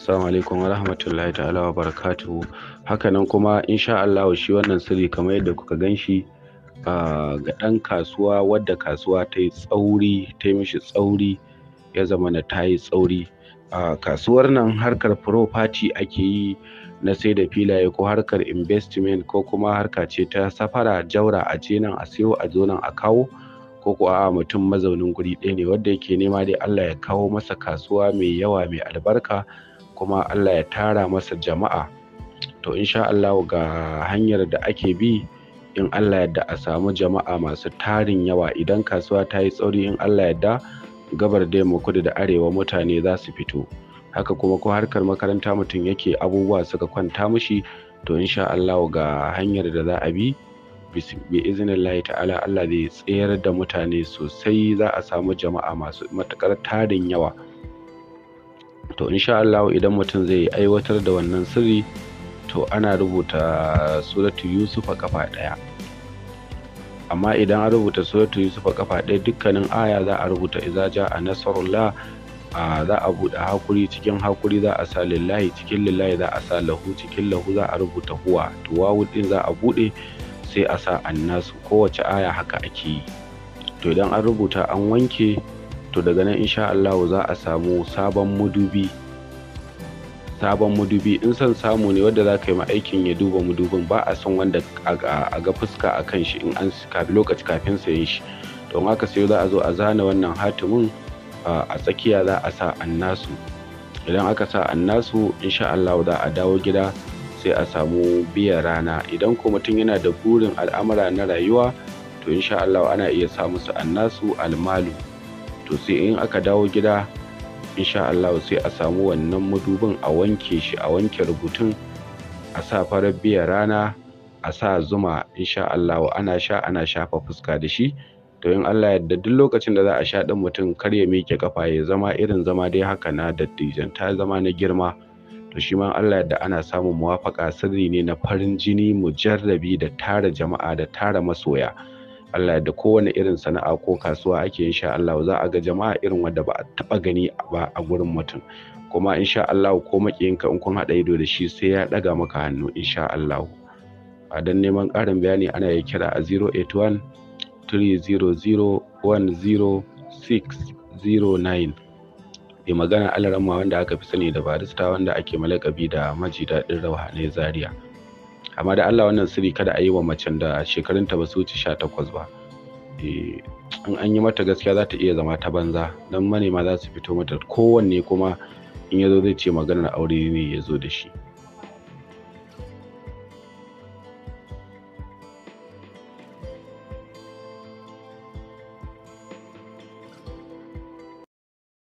Assalamu alaikum wa rahmatullahi ta'ala wa barakatuhu. Hakanan kuma insha Allah shi wannan sirri kamar yadda kuka gan shi ga ɗan kasuwa wadda kasuwa ta yi tsauri ta yi mishi tsauri ya zama na ta yi tsauri. a kasuwar nan harkar property ake yi na sai da filaye ko harkar investment ko kuma harka ce ta safara jaura a je nan a sayo a zo nan a kawo. ko ko a mutum mazaunin guri ɗaya ne Wadda yake nema dai Allah ya kawo masa kasuwa mai yawa mai albarka kuma Allah ya tara masa jama'a to insha Allah ga hanyar da ake bi in Allah yadda a samu jama'a masu tarin yawa idan kasuwa ta yi tsauri in Allah yadda gabar da mu kudu da arewa mutane za su fito haka kuma ko harkar makaranta mutum yake abubuwa suka kwanta mushi to insha Allah ga hanyar da za a bi bi iznillahi ta'ala Allah zai tsayar da mutane sosai za a samu jama'a masu matakar tarin yawa to insha Allah idan mutum zai aiwatar da wannan sirri to ana rubuta suratu yusuf a kafa ɗaya amma idan an rubuta suratu yusuf a kafa ɗaya dukkanin aya za a rubuta iza ja a nasarullah a za a buɗe hakuri cikin hakuri za a sa lillahi cikin lillahi za a sa lahu cikin lahu za a rubuta huwa to wawu din za a buɗe sai a sa annasu kowace aya haka ake yi to idan an rubuta an wanke to daga nan insha Allah za a samu sabon madubi sabon madubi in son samu ne wanda za ka yi ma aikin ya duba mudubin ba a son wanda a ga fuska a kan shi in an kafi lokaci kafin sayen shi don haka sai za a zo a zana wannan hatimin a tsakiya za a sa annasu idan aka sa annasu insha Allah za a dawo gida sai a samu biyan rana idan ko mutum yana da burin al'amura na rayuwa to insha Allah ana iya sa musu annasu almalu to sai in aka dawo gida insha Allah sai a samu wannan madubin a wanke shi a wanke rubutun a sa farar biya rana a sa zuma insha Allah ana sha ana shafa fuska da shi to in Allah yadda duk lokacin da za a sha ɗin mutum kar ya miƙe kafa ya zama irin zama dai haka na dattijan ta zama na girma to shi ma Allah yadda ana samun muwafaka sirri ne na farin jini mujarrabi da tara jama'a da tara masoya Allah da kowane irin sana'a ko kasuwa ake insha Allah za a ga jama'a irin wanda ba a taba gani ba a gurin mutum kuma insha Allah ko makiyinka in kun haɗa ido da shi sai ya ɗaga maka hannu insha Allah a dan neman ƙarin bayani ana yi kira a 081 300 10609 magana alaramma wanda aka fi sani da barista wanda ake malakabi da maji daɗin rauhanai zaria amma da Allah wannan sirri kada a yi wa macen da shekarunta ba su wuce sha takwas ba eh, in an yi mata gaskiya za ta iya zama ta banza don manema za su fito mata kowanne kuma in ya zo zai ce maganar aure ne ya zo da shi